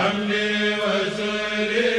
hamdi wa suri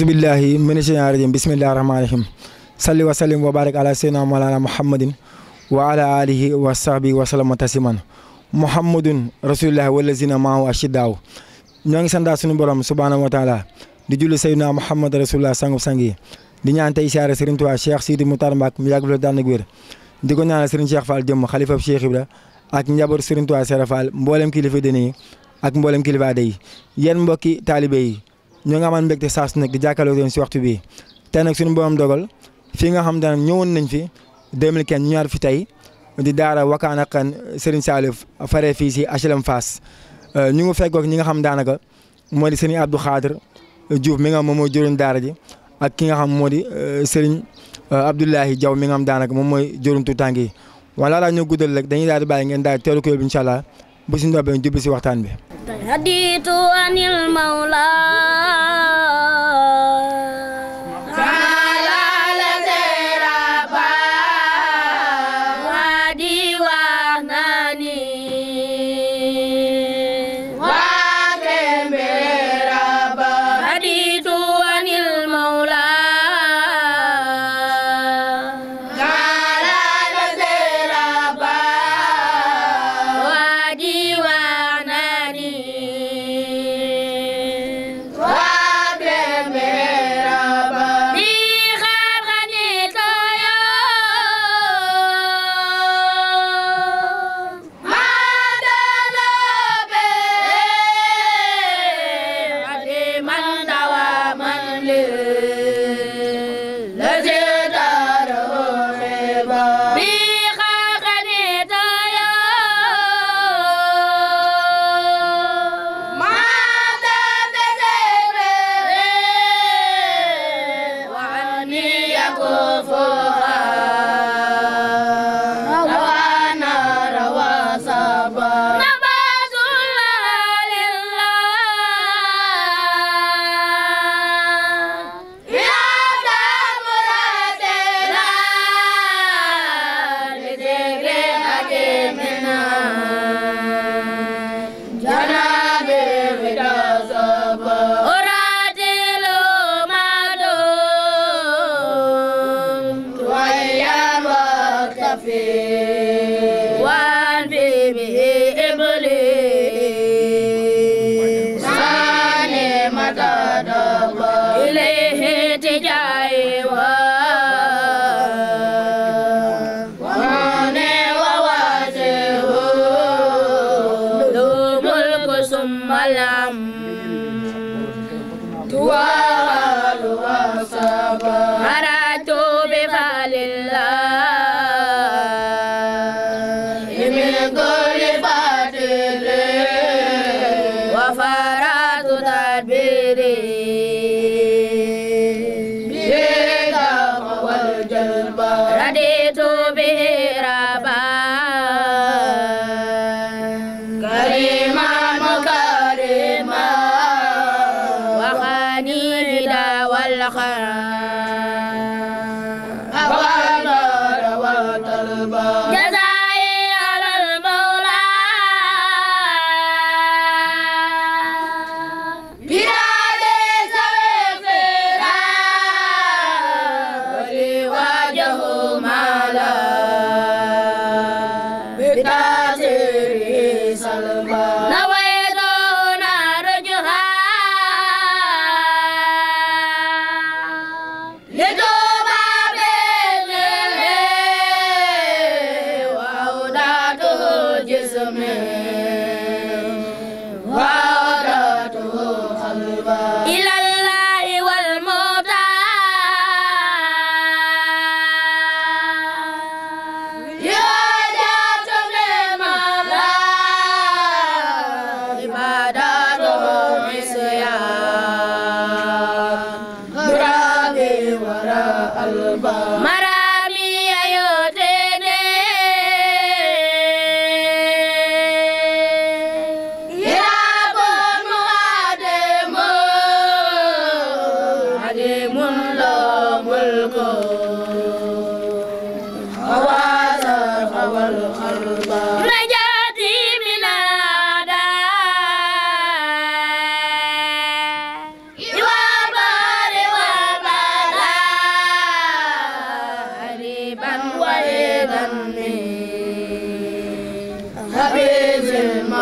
aousubillahi mina shaytaani rajim bismillahi rahmaani rahim salli wa sallim wa barik ala sayyidina mawlana muhammadin wa ala alihi wa sahbihi wa salama tasiman muhammadun rasulillah walazina maahu ashidaaw ñoo ngi sandaa suñu borom subhaanahu wa taala di julli sayyidina muhammad rasulillah sangub sang yi di ñaan tey siyaare Serigne Touba Cheikh Sidi Moutar Mbacké mu yàgg la daan ak wér di ko ñaanal Serigne Cheikh Fall jëmm xalifab Cheikh Ibra ak njaboot Serigne Touba Serap Fall mboolem kilifa dini yi ak mboolem kilifa aada yi yéen mbokki taalibe yi ñoo nga amaan mbégte saa su nekk di jàkkaarloo si waxtu bii te nag suñu borom dogal fii nga xam te ne ñëwoon nañ fi 2015 ñu ñaar fi tey di daara Wakana Haqqan Serigne Saliou faree fii si HLM Fass euh, ñu ngi fekkook ñi nga xam daanaka moo di Serigne Abdou Khadir Diouf mi nga xam moom mooy jëriñ daara ji ak ki nga xam moo di euh, Serigne euh, Abdoulahi Diaw mi nga xam daanaka moom mooy jëriñ tuutànk yi wala laa ñu guddal rek dañuy daal di bàyyi ngeen daal di teelu ko yóbbu allah bu si noobee jublu si waxtaan bi.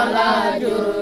la jur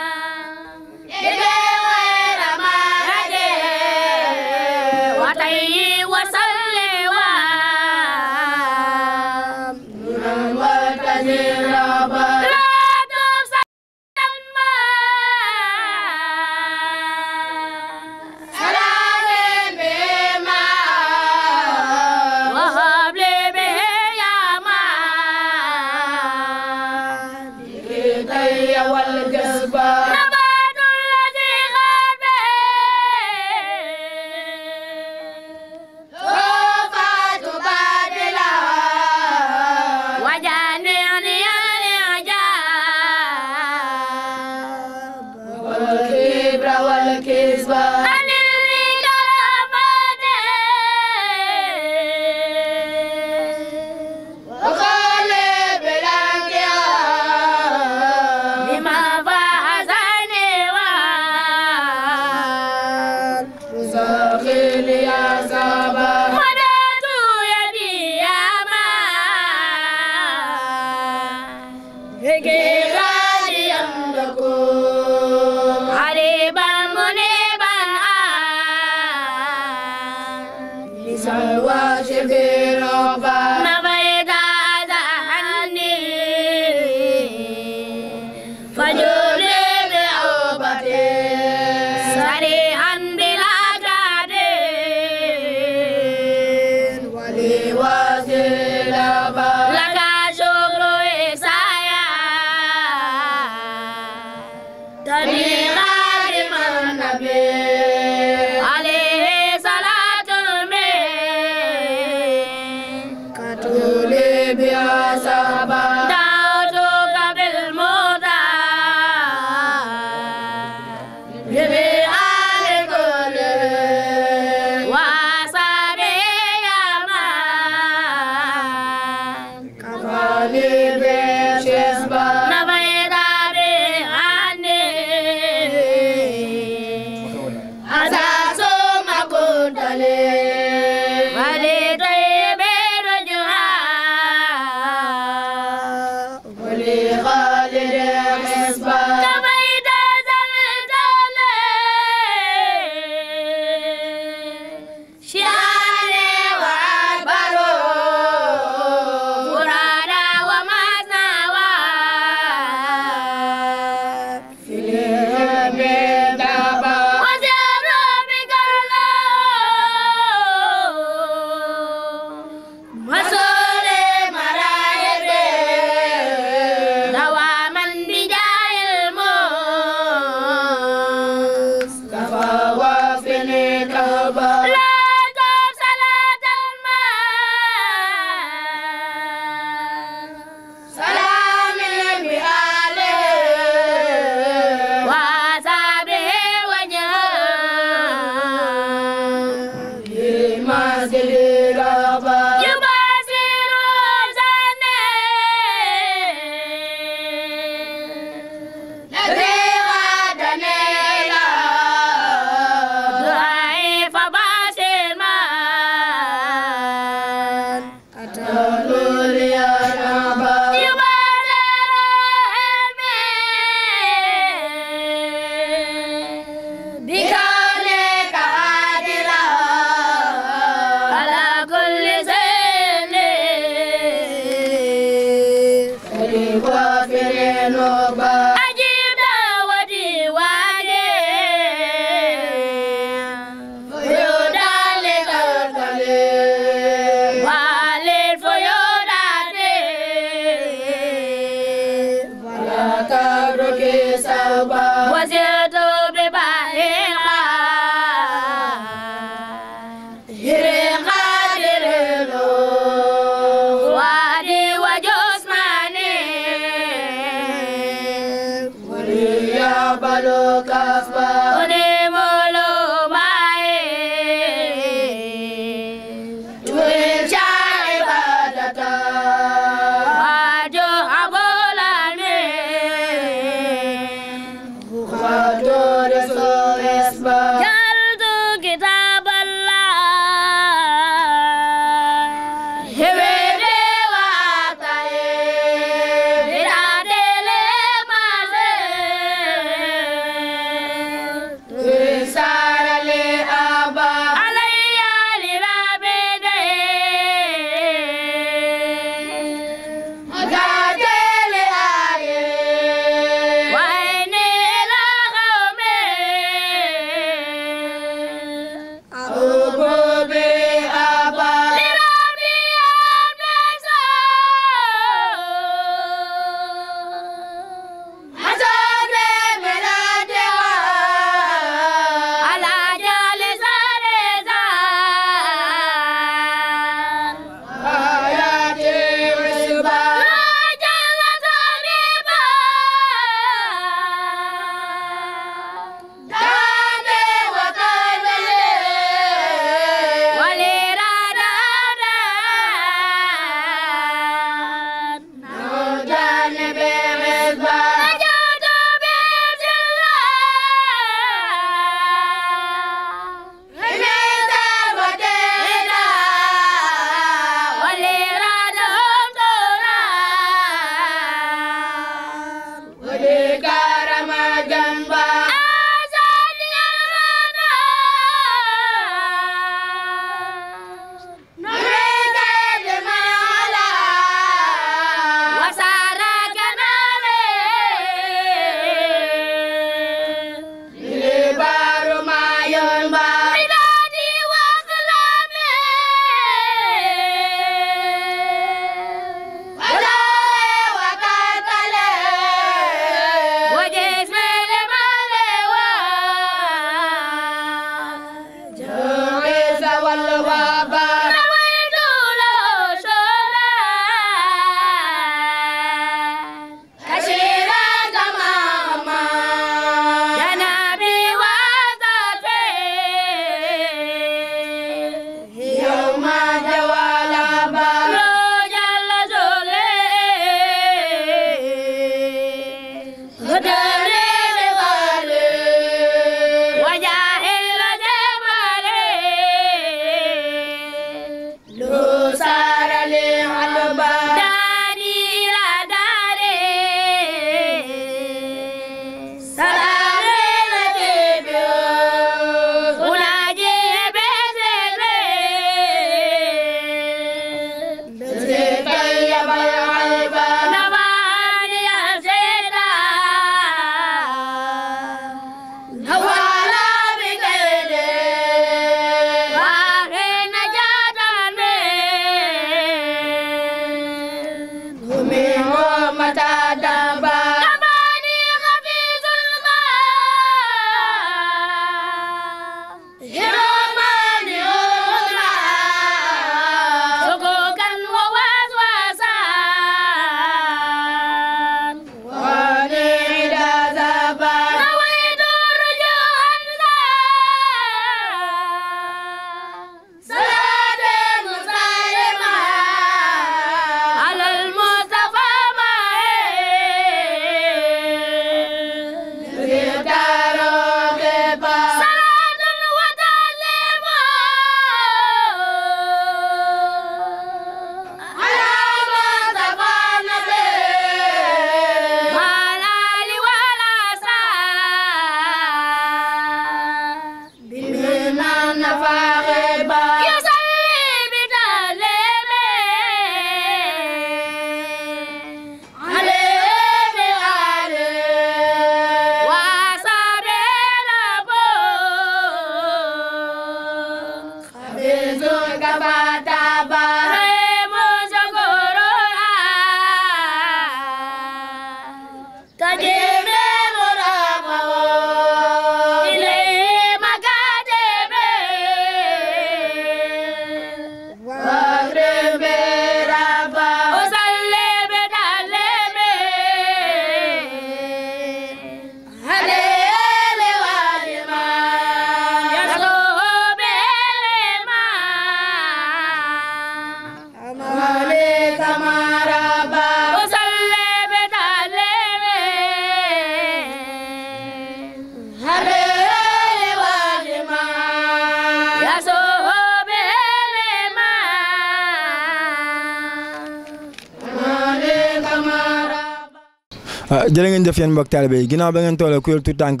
Ah, jërë ngeen jëf yéen mbokk taalibe yi ginnaaw ba ngeen toolee kuréel tout tànk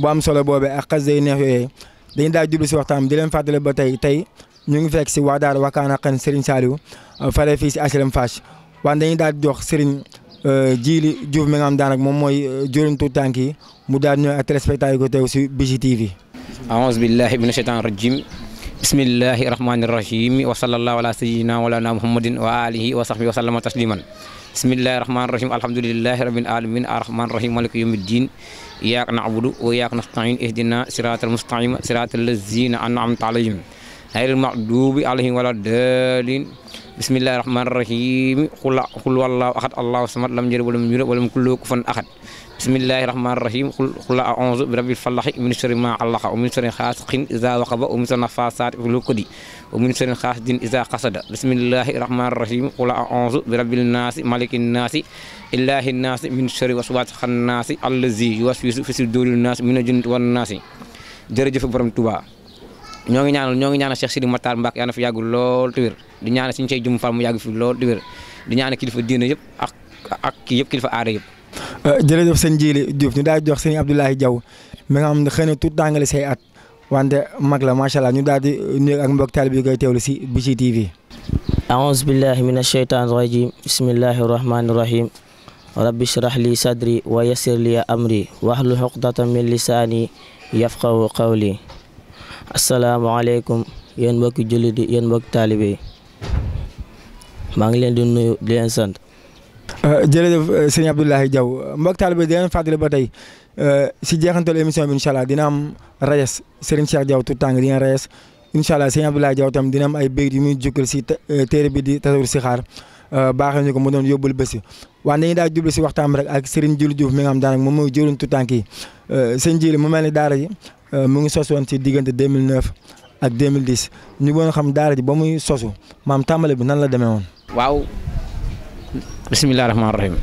bu am solo boobee ak xas day neex yooyee dañu daal jublu si waxtaan di leen fàttale ba tey tey ñu ngi fekk si waa daara Wakana Haqqan Serigne Saliou ah, fare fii si HLM Fass waaye dañuy daal di jox Serigne ah, Djily Diouf mi nga xam daanaka moom mooy juróom tout tànk yi mu daal ñëw ak téléspectateurs yi ko teew si Bichri TV aouzu billahi mina shaytani rajim bismillahi rahmani rahim wa sallallahu ala sayyidina wa ala muhammadin wa alihi wa sahbihi wa sallama tasliman bismillahi rahmaani rahim alhamdulilahi rabbil alamin arrahman rahim malik yawmi ddin iyyaka na'budu wa iyyaka nasta'in ihdina siratal mustaqim siratal ladzina an'amta alayhim ghayril maghdubi alayhim wala dalin bismillahi rahmaani rahim qul huwallahu ahad allahu samad lam yalid walam yulad walam yakul lahu kufuwan ahad bismillahi rahmaani rahim xul xula a onze bi rabbil falaxi min sharri ma allaxa wa min sharri xaasiqin iza waqaba wa min sharri nafaasaati fil uqadi wa min sharri xaasidin xasada bismillahi rahmaani rahim xula a onze bi rabbil naasi malikin naasi ilahi naasi min sharri waswaasi xannaasi allazi yuwaswisu fi suduril naasi mina jinnati wan naasi jërëjëf borom Tuubaa ñoo ngi ñaanal ñoo ngi ñaanal Cheikh Sidi Matar Mbacke yàlla na fi yàggul lool te lool te wér yëpp kii yëpp kilifa Euh, jërëjëf sëñ Jili Diouf ñu daal di jox sëñ Abdoulaye Diaw mi nga xam ne xëy na tuut tàngale say at wante mag la macha allah ñu daal di nuyu ak mbokk taal bi koy teewlu si Bichri TV. aouzu billahi min asheytaan rajim bismillahi rahmaani rahim rabbi shrah li sadri wa yassir li amri wahlul uqdatan min lisaani yafqahu qawli asalaamaaleykum yéen mbokki jullit yi yéen mbokki taalibe yi maa ngi leen di nuyu di leen sant Euh, jërëjëf euh, sëñ Abdoulaye Diaw mbokk taalibe dinañ fàttali ba tey euh, si jeexantal émission bi incha allah dina am rayes Serigne Cheikh Diaw tout tàng dina rayes incha allah sëñ Abdoulaye Diaw tam dina am ay béy yu muy jukkal si téere bi di tasawur si xaar baaxee ñu ko mu doon yóbbul bési waaye dañuy daal jublu si waxtaan rek ak Serigne Djily Diouf mi nga xam daanaka moom mooy jëriñ tout tànk yi sëñ Djily mu mel ni daara ji mu ngi sos woon si diggante 2009 ak 2010 ñu gën xam daara ji ba muy sosu maam tàmbali bi nan la demee woon. waaw bisimilah rahmaani rahim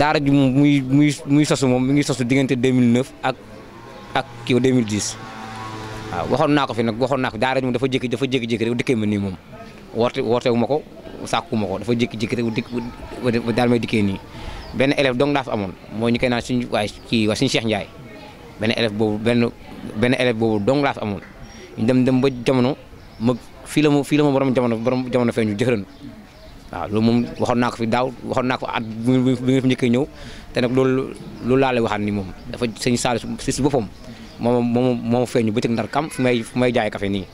daara ji muy muy muy moom mi ngi sosu diggante 2009 ak ak kii 2010 waaw waxoon naa ko fi nag waxoon naa ko daara ji dafa jékki dafa jékki-jékki rek dikkee ma nii moom woote wootewu ma ko sàkku ma ko dafa jékki-jékki rek dikk dik daal may dikkee nii benn élève dong daa fa amoon moo ñu koy naan suñu waay kii waa suñu Cheikh Ndiaye benn élève boobu benn benn élève boobu dong daa fa amoon ñu dem dem ba jamono ma fii la ma fii la ma borom jamono borom jamono feeñu jëxëran waaw loolu moom waxoon naa ko fi daaw waxoon naa ko at bi nga fi njëkkee ñëw te nag loolu loolu laa lay waxaat ni moom si sëñ Saliou si boppam moom moom moom feeñu bëccëg ndar kam fu may fu may jaay café nii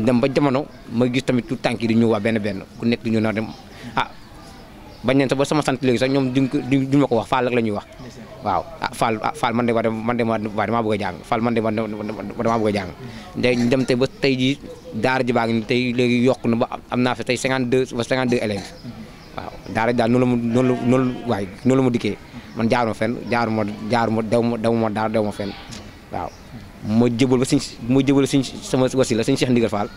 ñu ba jamono ma gis tamit tout tànk yi di ñëw waa benn benn ku nekk di ñëw na dem ah bañ neen sax ba sama sant léegi sax ñoom duñ ko duñ ma ko wax Fall rek la ñuy wax waaw ah Fall ah Fall man de waa man de waa damaa bëgg jàng Fall man de waa damaa bëgg a jàng ba tey jii daara ji baa ngi tey léegi yokk na ba am naa fi tey 52 ba 52 élèves waaw daara ji daal noonu la mu noonu la noonu waaye noonu la mu dikkee man jaaruma fenn jaaruma jaaruma dew ma dew ma daara dew ma fenn waaw ma jëbal ba suñ ma jëbal suñ sama wasila suñ Cheikh Ndigal Fall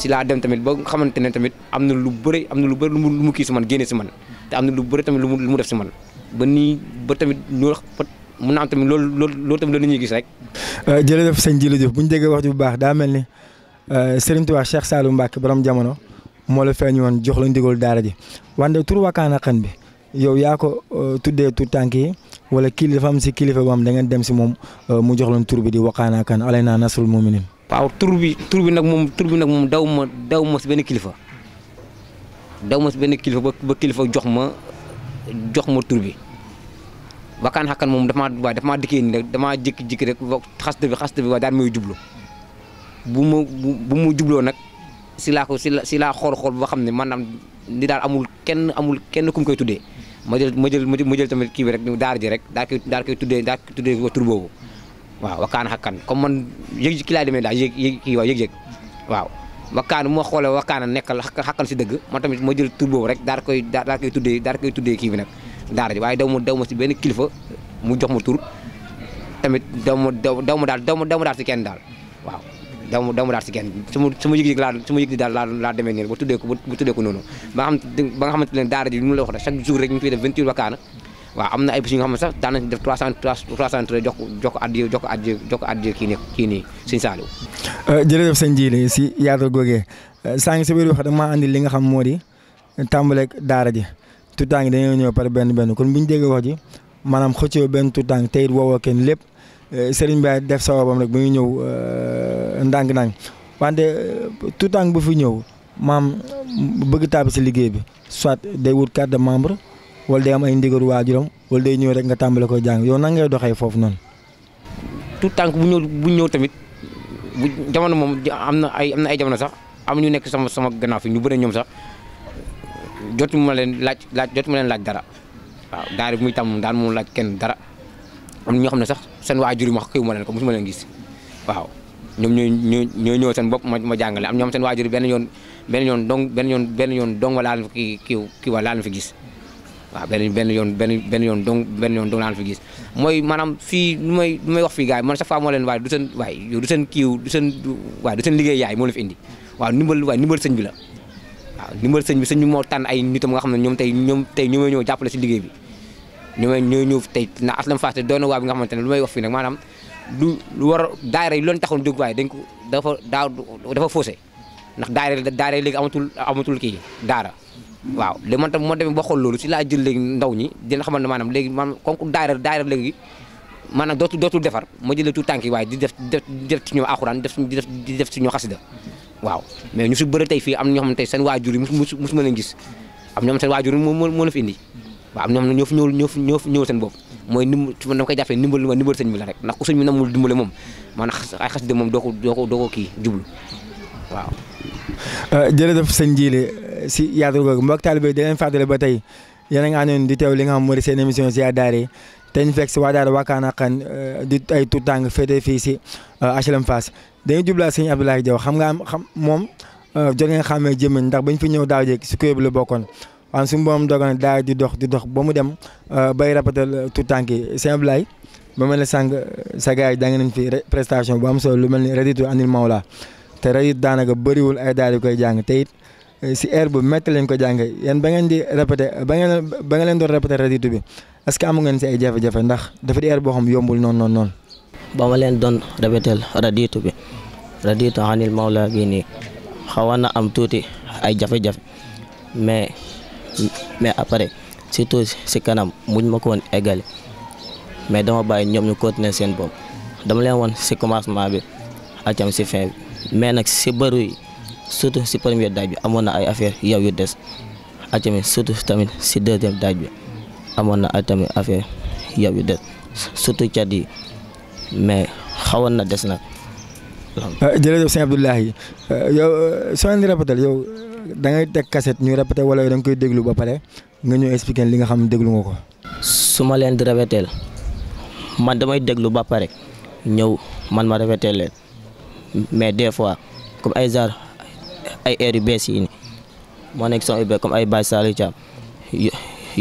si laa dem tamit ba xamante ne tamit am na lu bëri am na lu bëri lu mu kii si man génne si man te am na lu bëri tamit lu mu lu mu def si man ba nii ba tamit ñoo mun na tamit loolu loolu loolu tamit la nit ñuy gis rek. Euh, jërëjëf sëñ jërëjëf bu ñu déggee wax ji bu baax daa mel ni. Euh, Serigne Touba Cheikh Saliou Mbacke borom jamono moo la feeñu woon jox la ndigal daara ji wante tur Wakana Haqqan bi yow yaa ko euh, tuddee tu tànk yi wala kilifa dafa am si kilifa boo am da ngeen dem si moom euh, mu jox leen bi di Wakana Haqqan alaynaa nasrul muminin waaw tur bi tur bi nag moom tur bi nag moom daw ma daw ma si benn kilifa daw ma si benn kilifa ba kilifa jox ma jox ma tur bi Wakana Haqqan moom dafa maa waaye dafa maa dikkee nii rek damaa jékki-jékki rek xas bi xas bi waaye daal may jublu. bu ma bu mu jubloo nag si laa ko la si laa xool xool ba xam ne maanaam li daal amul kenn amul kenn ku mu koy tuddee ma jël ma jël ma jël tamit kii bi rek daar ji rek daal koy daal koy tuddee daal koy tuddee tur boobu waaw wakkaan xakkan comme man yëg ki laay demee daal yëg yëg kii waaw yëg-yëg waaw wakkaan bu ma xoolee wakkaan nekkal xakkan si dëgg man tamit ma jël tur boobu rek daal koy daal koy tuddee daal koy tuddee kii bi nag daara ji waaye daw ma daw ma si benn kilifa mu jox ma tur tamit daw ma ma daal daw ma daal si kenn daal waaw dama dama daat si genn su ma su ma yëg-yëg laa su ma ba tuddee ko ko noonu ba nga xam ba nga daara ji li la wax rek chaque jour rek ñu ngi fiy def 28 wakaana waaw am na ay bés yi nga xam ne sax daan def 300 300 jox ko jox ko kii ne euh, si yaatal googee euh, saa ngi sa biir wax da maa li nga xam moo di tàmbaleeg daara ji tuutàngi dañoo ñëw par benn benn kon bu ñu déggee wax ji maanaam xëccoo benn tuutàngi teyit woowoo kenn lépp Eh, sëriñ Baye def sababam rek ba ñu ñëw ndànk-ndànk eh, wante eh, tout tànk bu fi ñëw maam bëgg tàbbi si liggéey bi soit day wut carte de membre wala day am ay ndigalu waajuram wala day ñëw rek nga tàmbale ko jàng yow nan ngay doxee foofu noonu. tout tànk bu ñëw bu ñëw tamit bu jamono moom am na ay am na ay sax am ñu nekk sama sama gannaaw fi ñu bëri ñoom sax jotuma leen laaj laaj jotuma leen laaj dara waaw daara bi muy tàmm daan moom laaj kenn dara. am ñoo xam ne sax seen waajur yi ma xëy ma leen ko mosuma leen gis waaw ñoom ñooy ñoo ñooy ñëw seen bopp ma ma jàngale am ñoom seen waajur yi benn yoon benn yoon dong benn yoon benn yoon dong ma laal fi kii kii wa laal fi gis benn yoon benn benn yoon dong benn yoon dong laal fi gis mooy maanaam fii lu may may wax fii gars yi man chaque fois moo leen waaye du seen waay yow seen kiiw seen waaye du seen liggéey yaay moo la fi indi waaw ndimbal waaye ndimbal sëñ bi la waaw ndimbal sëñ bi sëñ moo tànn ay nitam nga xam ne ñoom tey ñoom tey ñoom ñoo ñëw jàppale si liggéey bi ñu may ñooy ñëw tey na aslam faste doon na waa bi nga xamante ne lu may wax fii nag maanaam lu war a daayira yi loon taxoon jóg waaye ko dafa daaw dafa faussé ndax daayira daayira léegi amatul amatul kii daara waaw léegi man tam moo demee ba xool loolu si laa jël léegi ndaw ñi dina xamante ne maanaam léegi maanaam konku daayira daayira léegi maanaam dootul dootul defar ma jëlee tout tànk waaye di def di def ci ñoo alxuraan di def di def di def ci ñoo xasida waaw mais ñu si bëri tey fii am ñoom tey xamante ne seen waajur yi musu musu mën a gis am ñoom seen waajur yi moo moo la fi indi waaw am na ñoo fi ñëwul ñoo fi ñoo fi ñëwul seen bopp mooy nim ci man dama koy jàppee ndimbal ma ndimbal sëñ bi la rek ndax moom maanaam ay xas de moom doo ko doo ko jublu waaw euh, jërëjëf sëñ Djily si yaatu googu mbokk taalibe di leen fàttali ba tey yéen a di teew li nga xam moo di seen émission Ziar Daara te ñu fekk si waa Daara Wakana Haqqan euh, di ay tout tàng féete fii si euh, HLM Fass dañuy jublaa sëñ Abdoulaye Diaw xam ngaa am xam moom jot ngeen xàmmee jëmmiñ ndax bañ fi ñëw daaw jeeg si kuréel bi la bokkoon waaw suñu borom dogal daay di dox di dox ba mu dem euh, bay rapatal tout tànk yi sëñ Ablaye ba mel ne sàng sa gars yi da ngeen fi prestation boo am solo lu mel ni raditu anil mawla te radit daanaka bëriwul ay daal di koy jàng te euh, si air bu métti lañ ko jàng yéen ba ngeen di répété ba ngeen ba ngeen leen doon répété raditu bi est-ce que amu si ay jafe-jafe ndax dafa boo xam yombul noonu noonu noonu. ba ma leen doon répété raditu bi raditu anil mawla bii nii xawoon na am tuuti ay jafe-jafe mais. mais après surtout si kanam muñ ma ko woon eggale mais dama bàyyi ñoom ñu continuer seen bopp dama leen woon si commencement bi acam si fin mais nag si bëru surtout si premier daaj bi amoon na ay affaire yow yu des acami surtout tamit si deuxième daaj bi amoon na ay tamit affaire yow yu des surtout cat yi mais xawoon na des nag euh, jërëjëf sëñ Abdoulahi euh, yow euh, soo leen di répétal da ngay teg cassette ñuy répété wala da nga koy déglu ba pare nga ñëw expliquer li nga xam ne déglu nga ko. su ma leen di répéteel man damay déglu ba pare ñëw man ma répété leen mais des fois comme ay genre ay air yu bees yi nii moo nekk son yu comme ay Baye Saliou Thiam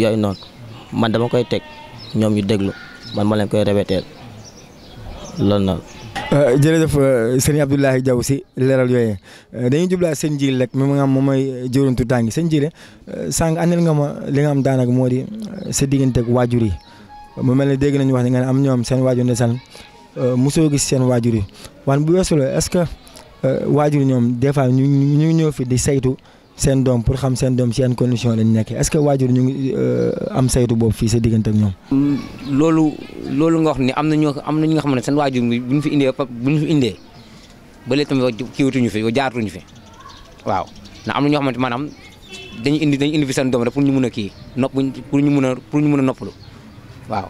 yooyu noonu man dama koy teg ñoom ñu déglu man ma leen koy répéteel loolu noonu. Euh, jërëjëf euh, sëñ Abdoulaye Diaw si leeral yooyee euh, dañuy jublaat sëñ Jili rek mi nga am moom mooy jëwrantu tàngi sëñ Jili sànq andil nga ma li nga am daanaka moo di sa digganteeg waajur yi mu mel ne dégg nañu wax ne nga am ñoom seen waajur ndeysaan mosoo gis seen waajur yi wan bu weesu la est-ce que waajur ñoom des fois ñu ñu ñëw fi di saytu. seen doom pour xam seen doom si yan condition lañ nekkee est-ce que waajur ñu ngi euh, am saytu boobu fii sa diggante ak ñoom. Mm, loolu loolu nga wax ni am na ñoo am na ñi nga xam ne seen waajur bi bu ñu fi indee bu ñu fi indee ba léegi tamit kiiwatuñu fi jaaratuñu fi waaw ndax am na ñoo xamante maanaam dañuy indi dañuy indi seen doom rek pour ñu mun a kii nopp pour ñu mun a pour ñu mun a noppalu waaw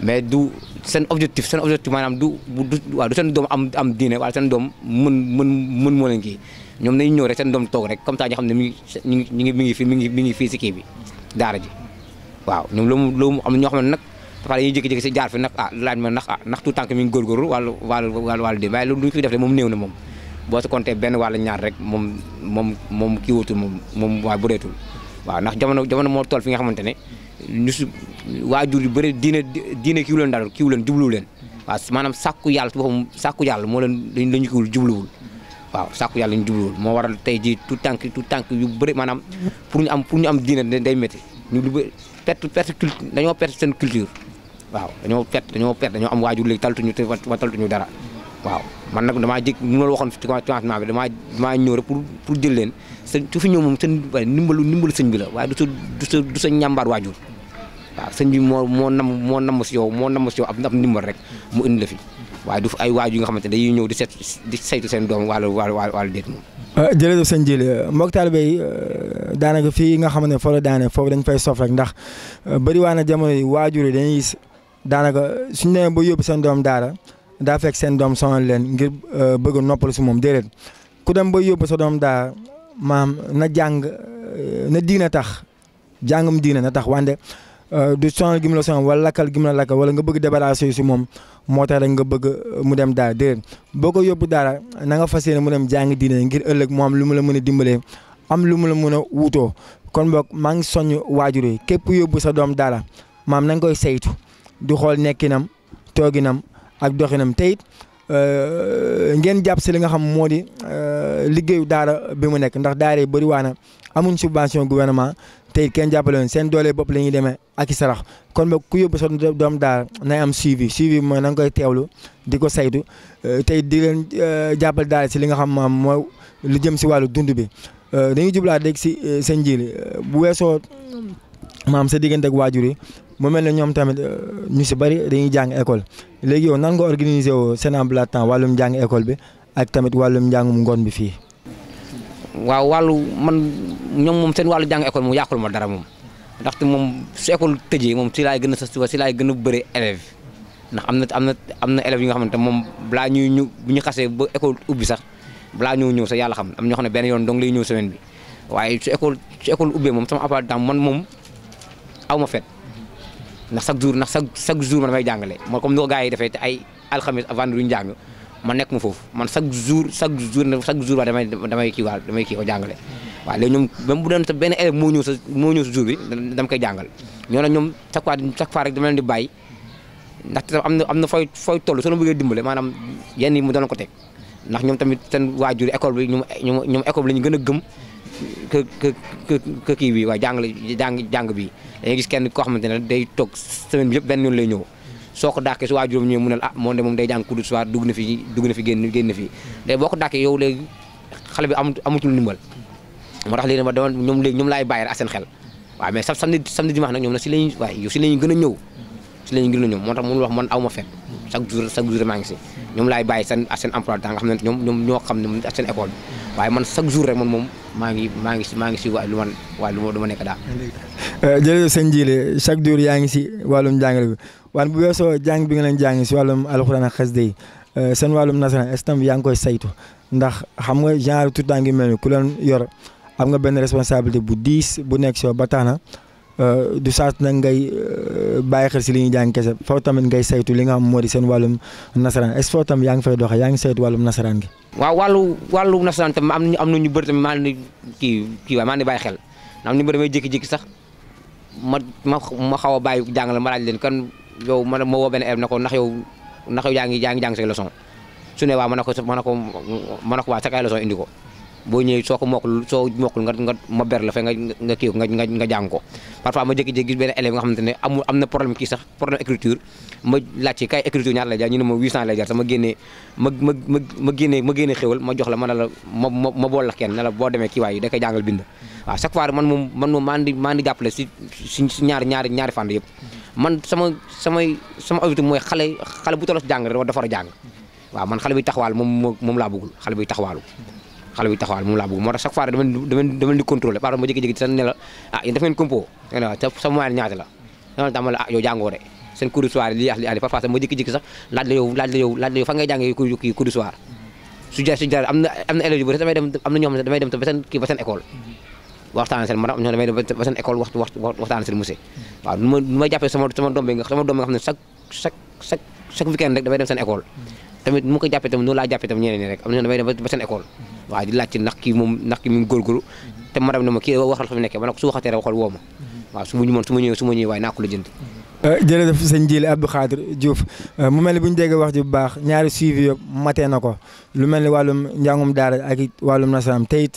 mais du seen objectif seen objectif maanaam du du waaw du seen am am diine wala seen doom mën mën mën moo leen kii. ñoom nañu ñëw rek seen doom toog rek comme ça ñu ne mi ngi ñu mi ngi fi mi ngi mi ngi fii si kii bi daara ji waaw ñoom loolu loolu am ñoo xam ne nag dafa dañuy jékki-jékki jaar fi nag a ah laaj ma ndax ah tànk mi ngi góorgóorlu wàllu wàllu wàllu wàllu dé waaye loolu lu moom néew na moom boo si compté benn wàllu ñaar rek moom moom moom kii wóotul moom moom waaye bu waaw ndax jamono jamono moo toll fi nga xamante ne ñu si waajur yu bëri diine diine kiiw leen daal kiiw leen jubluwu leen waaw maanaam sàkku yàlla si boppam yàlla moo leen lañu kiiwul jubluwul waaw sàkku yàlla ñu jubluwul moo waral tey jii tout tànk tout tànk yu bëri maanaam pour ñu am pour ñu am diine day métti ñu lu bëri perte culture dañoo perte seen culture waaw dañoo perte dañoo perte dañoo am waajur léegi taltuñu te wa taltuñu dara waaw man nag damaa jékki mu la waxoon ci commencement bi damaa damaa ñëw rek pour pour jël leen sa su fi ñëw moom seen ndimbalu ndimbalu sëñ bi la waaye du sa du sa ñàmbaar waajur waaw sëñ bi moo moo nam moo nam si yow moo nam si yow ab ab ndimbal rek mu indi la waaye du ay waaju yi nga xamante dañuy ñëw di set di saytu seen doom wàllu wàllu wàllu déet moom. Euh, jërëjëf sëñ Jili mbokk taalibe yi euh, daanaka fii nga xam ne foofu la foofu dañ fay sof rek ndax euh, bari waa na jamono yi waajur yi dañuy gis daanaka suñ nee ba yóbbu seen daara daa fekk seen doom sonal leen ngir bëgg noppal si moom déedéet ku dem ba yóbbu sa doom daara maam na jàng na diina tax jàngam diina na tax wande Euh, du sonal gi la sonal wala lakkal gi mu la lakkal wala nga bëgg débarrasser si moom moo tax rek nga bëgg mu dem daal déedéet boo ko yóbbu daara nanga nga fas yéene mu dem jàng diine ngir ëllëg mu am lu mu la mën a dimbalee am lu mu la mën a wutoo kon boog maa ngi soññ waajur yi képp yóbbu sa doom daara maam na koy saytu du xool nekkinam tooginam ak doxinam te it euh, ngeen jàpp si li nga xam moo di euh, liggéeyu daal bi mu nekk ndax daara yi bëri waa na amuñ subvention gouvernement tey it kenn jàppale woon seen doole bopp la ñuy demee ak i sarax kon ba ku yóbbu sa doom daal na am suivi suivi mooy nanga nga koy teewlu di ko saytu euh, tey di leen euh, jàppale daal si li nga xam maam mooy lu jëm si wàllu dund bi euh, dañu jublaat rek si seen njiil bu weesoo maam sa diggante ak waajur yi mu mel ne ñoom tamit ñu si bari dañuy jàng école léegi yow nan nga organiser woo seen emploi du temps wàllum jàng école bi ak tamit wàllum njàngum ngoon bi fii. waaw wàllu man ñoom moom seen wàllu jàng école moom yàqul ma dara moom ndaxte moom su école tëjee moom si laay gën a sas si laay gën a bëre élève ndax am na am na am na élèves yi nga xamante moom balaa ñuy ñu bu ñu xasee ba école ubbi sax balaa ñoo ñëw sax yàlla xam am ñoo xam ne benn yoon dong lay ñëw semaine bi waaye su école su école ubbee moom sama appareil dam man moom aw ma fet ndax chaque jour ndax chaque chaque jour man damay jàngale moo comme ni ko gars yi defee te ay alxames avant du ñu jàng ma nekk ma foofu man chaque jour chaque jour chaque jour waa damay damay kii waa damay kii ko jàngale waaw léegi ñoom même bu doon sa benn élève moo ñëw sa moo ñëw bi dama koy jàngal ñoo nag ñoom chaque fois chaque fois rek dama di bàyyi ndaxte tam am na am na fooy fooy toll soo bëggee dimbale maanaam yenn yi mu doon ko teg ndax ñoom tamit seen waajur école bi ñoom ñoom école bi la ñu gën a gëm que que que kii bi waaw jàng jàng bi dañuy gis kenn koo xamante ne day toog semaine bi yëpp benn yoon lay ñëw soo ko dàkkee su waajuram ñëw mu ne ah moom de moom day jàng kudu soir dugg na fi dugg na fi génn génn boo ko dàkkee yow léegi xale bi am amatul ndimbal moo tax léegi ma dama ñoom léegi ñoom laay bàyyi ak seen xel waa mais samedi samedi dimanche nag ñoom na si lañuy waaye yow si la ñuy gën a ñëw si la ñuy gën a ñëw moo tax mënul wax man aw ma fet chaque jour chaque maa ngi si ñoom laay bàyyi seen seen emploi temps nga xam ne ñoom ñoom ñoo xam ne seen école bi waaye man chaque jour rek man moom maa ngi maa ngi si maa ngi si waa lu ma waa lu ma lu ma nekk daal euh, jërëjëf sëñ Jile chaque jour yaa ngi si wàllum jàngale bi waan bu weesoo jàng bi nga leen jàng si wàllum alxuraan ak xasida yi euh, seen wàllum nasaraan estam yaa ngi koy saytu ndax xam nga genre tout temps ngi mel ni ku leen yor xam nga benn responsabilité bu diis bu nekk si ba tax Euh, du saas na ngay euh, bàyyi xel si li ñuy jàng kese foofu tamit ngay saytu li nga xam moo di seen wàllum nasaraan est foofu tamit yaa ngi fay doxee yaa ngi saytu wàllum nasaraan gi. waaw wàllu wàllu nasaraan tam am na am na ñu bëri tamit maa ngi kii kii waaye maa ngi bàyyi xel am na ñu bëri damay jékki-jékki sax ma ma ma xaw a bàyyi jàngale ma laaj leen kan yow ma ma woo benn na ko ndax yow nax yow yaa ngi yaa ngi jàng say leçon su ne waaw ma na ko ma na ko ma na ko waa sa kay leçon ko boo ñëwee soo ko mokkul soo mokkul nga nga ma ber la nga nga kii nga nga nga jàng ko parfois ma jékki-jékki gis benn nga xamante ne amul am na problème kii sax problème écriture ma laa ci kay écriture ñaata lay jar ñu ne ma 800 lay jar ma génnee ma ma ma ma ma jox la ma ne la ma ma ma bool la kenn ne la boo demee kii waay yi da jàngal bind waaw chaque fois moom man moom maa ngi maa jàppale si si si ñaari ñaari ñaari fànn yëpp man sama samay sama objectif mooy xale xale bu tolloo si jàng rek dafa war jàng waaw man xale bi taxawaal moom moom laa bëggul xale bi taxawaalu xale bi taxawal moom laa bëgg moo tax chaque fois dama dama di contrôler par ma jékki-jékki sa ne la ah ngeen compo sa moyen ñaata la ah, sax ma jékki-jékki sax laaj la yow laaj la yow laaj nu mu ko jàppee tamit laa jàppee tamit ñeneen rek am na ñoo damay dem ba seen école waaw di laajte ndax kii moom ndax kii mu ngi góorgóorlu te maram na ma kii waxal fa mu nekkee ma ne ko su waxatee rek waxal woo ma waaw su ma ñu su ma ñëwee su ma ñëwee waaye naa ko la jënd euh, jërëjëf sëñ Jili Abdou Khadir Diouf euh, mu mel ni bu ñu déggee wax ji bu baax ñaari suivi yëpp matee na ko lu mel ni wàllum njàngum daara ak wàllum nasaraam te it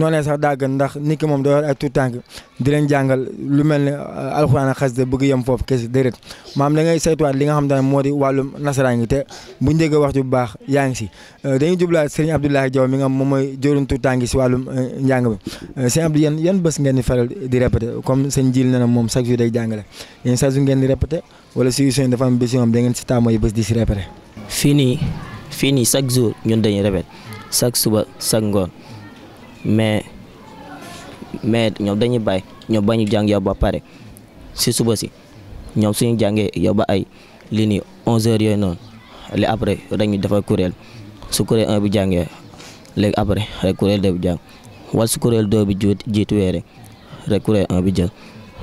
noonee sax daa ndax nit ki moom da war ay tout tànk di leen jàngal lu mel ne euh, alxuraan ak xasida bëgg yem foofu kese déedéet maam da ngay saytuwaat li nga xam te ne moo di wàllum nasaraan gi te bu njëgg wax ju bu baax yaa ngi si euh, dañuy jublaat sëriñ Abdoulaye Diaw mi nga moom mooy jëruñ tout si wàllum euh, njàng bi sëriñ yan bës bés ngeen di faral di répété comme sëñ Jil ne na moom chaque jour day jàngale yéen chaque jour ngeen di répété wala si usine dafa am bés yoo xam da si taamu fii nii fii nii chaque jour ñun dañuy répété chaque suba chaque ngoon mais mais ñoom dañuy bay ñoom bañu ñu jàng yow ba pare si suba si ñoom suñu jàngee yow ba ay lii nii onze noon yooyu li après dañuy defar kuréel su kuréel un bi jàngee léegi après rek kuréel deux bi wal wala su kuréel deux bi jiit jiitu weere rek kuréel un bi jël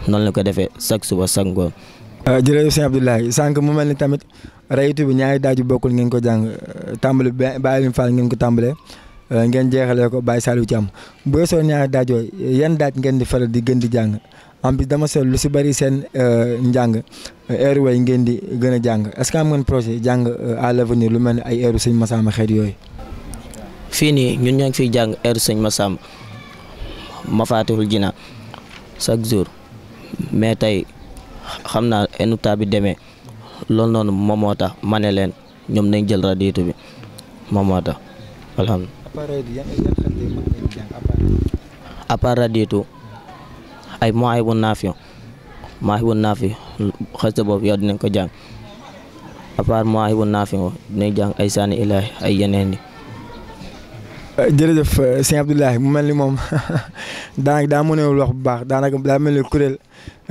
noonu la ko defee sak suba chaque ngoon. Euh, jërëjëf sëñ Abdoulaye sànq mu mel ni tamit rayitu bi ñaari daaju bokkul ngi ko jàng euh, tàmbali bàyyi leen faal ngi ko tàmbalee. Euh, ngeen jeexalee ko Baye Saliou Thiam bu weesoo ñaari daaj yooyu yan daaj ngeen di faral di gën di jàng en dama seetlu lu si bari seen euh, njàng heure way ngeen di gën a jàng est-ce que am ngeen projet jàng euh, à l'avenir lu mel ne ay heure sëñ Massamba xeet yooyu. fii nii ñun ñoo ngi fiy jàng heure sëñ Massamba Mafatihul Jinaan chaque jour mais tey xam naa enu taa bi demee loolu noonu moom tax ma ne leen ñoom nañ jël radiitu bi moom moo tax apart raditu ay Mawahibun Naafi Mawahibun Naafi xasida boobu yow dinañ ko jàng apart Mawahibun Naafi dinañ jàng ay saani ilaahi ay yeneen yi euh, jërëjëf euh, sëñ Abdoulaye mu mel ni moom daanaka daa mënewul wax baax daanaka daa mel ni kuréel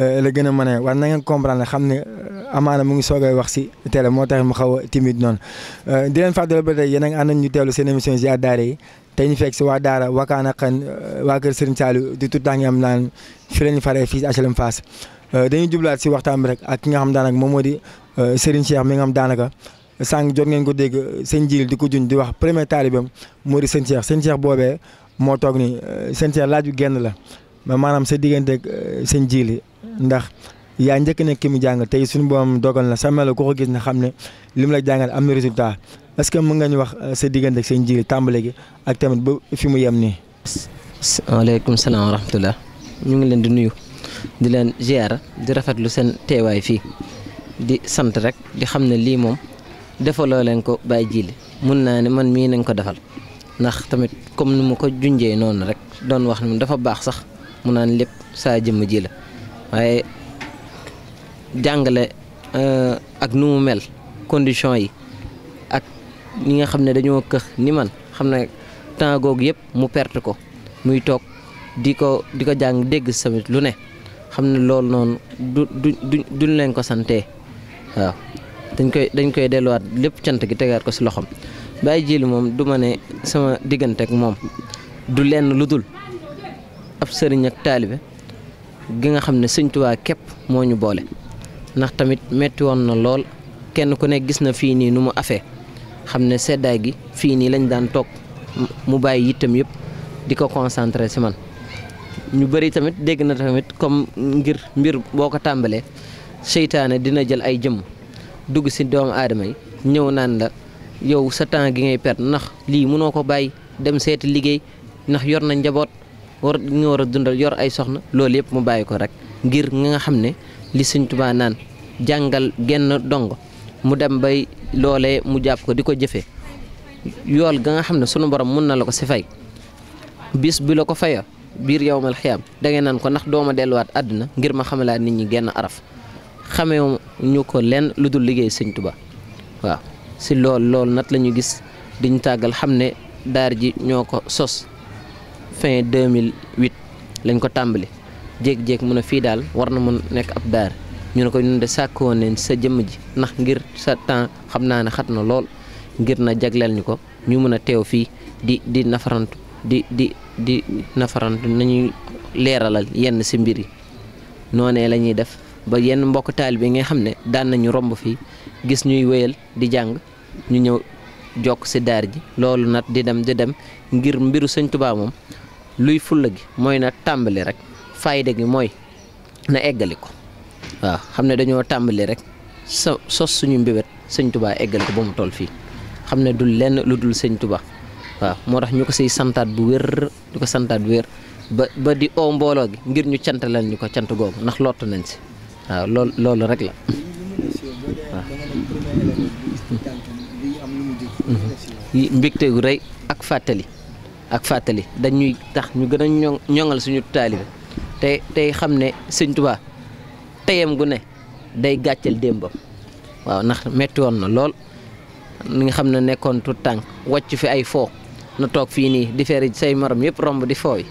euh, la gën a mën a war na ngeen xam ne amaana mu ngi soogay wax si télé moo tax mu xaw a timide noonu euh, di leen fàttali ba tey yéen a ngi ànd ñu seen émission Ziar Daara yi tey ñu fekk si waa Daara wakaana xan euh, waa kër Serigne Saliou di tu tout temps am naan fi la ñu faree fii si HLM Fass euh, dañuy jublaat si waxtaan bi rek ak nga xam daanaka moom moo di Serigne Cheikh mi nga xam daanaka sànq jot ngeen ko dégg sëñ Jiil di ko juñ di wax premier taalibam moo di sëñ Cheikh sëñ Cheikh boobee moo toog ni sëñ Cheikh laaj bi genn la mais maanaam sa digganteeg sëñ Jiil ndax. yaa njëkk ne ki mu jàng tey suñu boom dogal na sama la ku ko gis ne xam ne li mu la jàngal am na résultat est-ce que mën nga ñu wax euh, sa diggante ak seen jiir tàmbale gi ak tamit ba fi mu yem nii. waaleykum salaam wa rahmatulah ñu ngi leen di nuyu di leen ziar di rafetlu seen teewaay fii di sant rek di xam ne lii moom defaloo leen ko bàyyi jiili mun naa ne man mii nañ ko defal ndax tamit comme nu mu ko junjee noonu rek doon wax ne dafa baax sax mu naan lépp saa jëmm ji la jàngale euh, ak nu mu mel condition yi ak ñi nga xam ne dañoo këx ni man xam ne temps googu yëpp mu perte ko muy toog di ko di ko jàng dégg samit lu ne xam ne loolu noonu du du duñ leen ko santee waaw dañ koy dañ koy delluwaat lépp cant gi tegaat ko si loxoom bàyyi jili moom du ma ne sama diggante moom du lenn lu dul ab sëriñ ak taalibe gi nga xam ne sëñtuwaa képp moo ñu boole ndax tamit metti woon na lool kenn ku ne gis na fii nii nu mu afee xam ne seddaay gi fii nii lañ daan toog mu bàyyi itam yëpp di ko concentré si man ñu bëri tamit dégg na tamit comme ngir mbir boo ko tàmbalee seytaane dina jël ay jëmm dugg si doomu aadama yi ñëw naan la yow sa temps gi ngay perdre ndax lii mënoo ko bàyyi dem seeti liggéey ndax yor na njaboot war nga war a dundal yor ay soxna loolu yëpp mu bàyyi ko rek ngir nga xam ne li sëñ Tuubaa naan jàngal genn dong mu dem bay loolee mu jàpp ko di ko jëfee yool ga nga xam ne sunu borom mun na la ko si fay bis bi la ko faya biir yowmal xiyaam dangeen naan ko ndax dooma delluwaat àdduna ngir ma xamalaat nit ñi genn araf xamee ñu ko lenn lu dul liggéey sëñ Tuubaa waaw si lool lool nat la ñu gis diñu tàggal xam ne daar ji ñoo ko sos fin 2008 lañ ko tàmbali jékki-jékki mu ne fii daal war na mun nekk ab daar ñu ne ko ñun de sàkk woon nañ sa jëmm ji ndax ngir sa temps xam naa ne xat na lool ngir na jagleel ñu ko ñu mën a teew fii di di nafarantu di di di nafarantu nañuy leeralal yenn si mbir yi noonee la ñuy def ba yenn mbokk taalibe yi nga xam ne daan nañu romb fii gis ñuy wéyal di jàng ñu ñëw jokk si daar ji loolu nag di dem di dem ngir mbiru sëñ tubaabam luy fulla gi mooy nag tàmbali rek fayda gi mooy na eggali ko waaw xam ne dañoo tàmbali rek sa sos suñu mbébét sëñ tubaa eggal ko ba mu toll fii xam ne du lenn lu dul sëñ tubaa waaw moo tax ñu ko siy santaat bu wér ko santaat bu wér ba ba di oo mbooloo gi ngir ñu cant leen ñu ko cant googu ndax lott nañ si waaw loolu rek la waaw gu rëy ak fàttali ak fàttali dañuy tax ñu gën a ñoŋal suñu taalibe te tey xam ne sëñ Tuubaa teyam gu ne day gàcceel démbam waaw ndax metti woon na lool li nga xam ne nekkoon tout tànk wàcc fi ay foo na toog fii nii di feeri say morom yëpp romb di fooy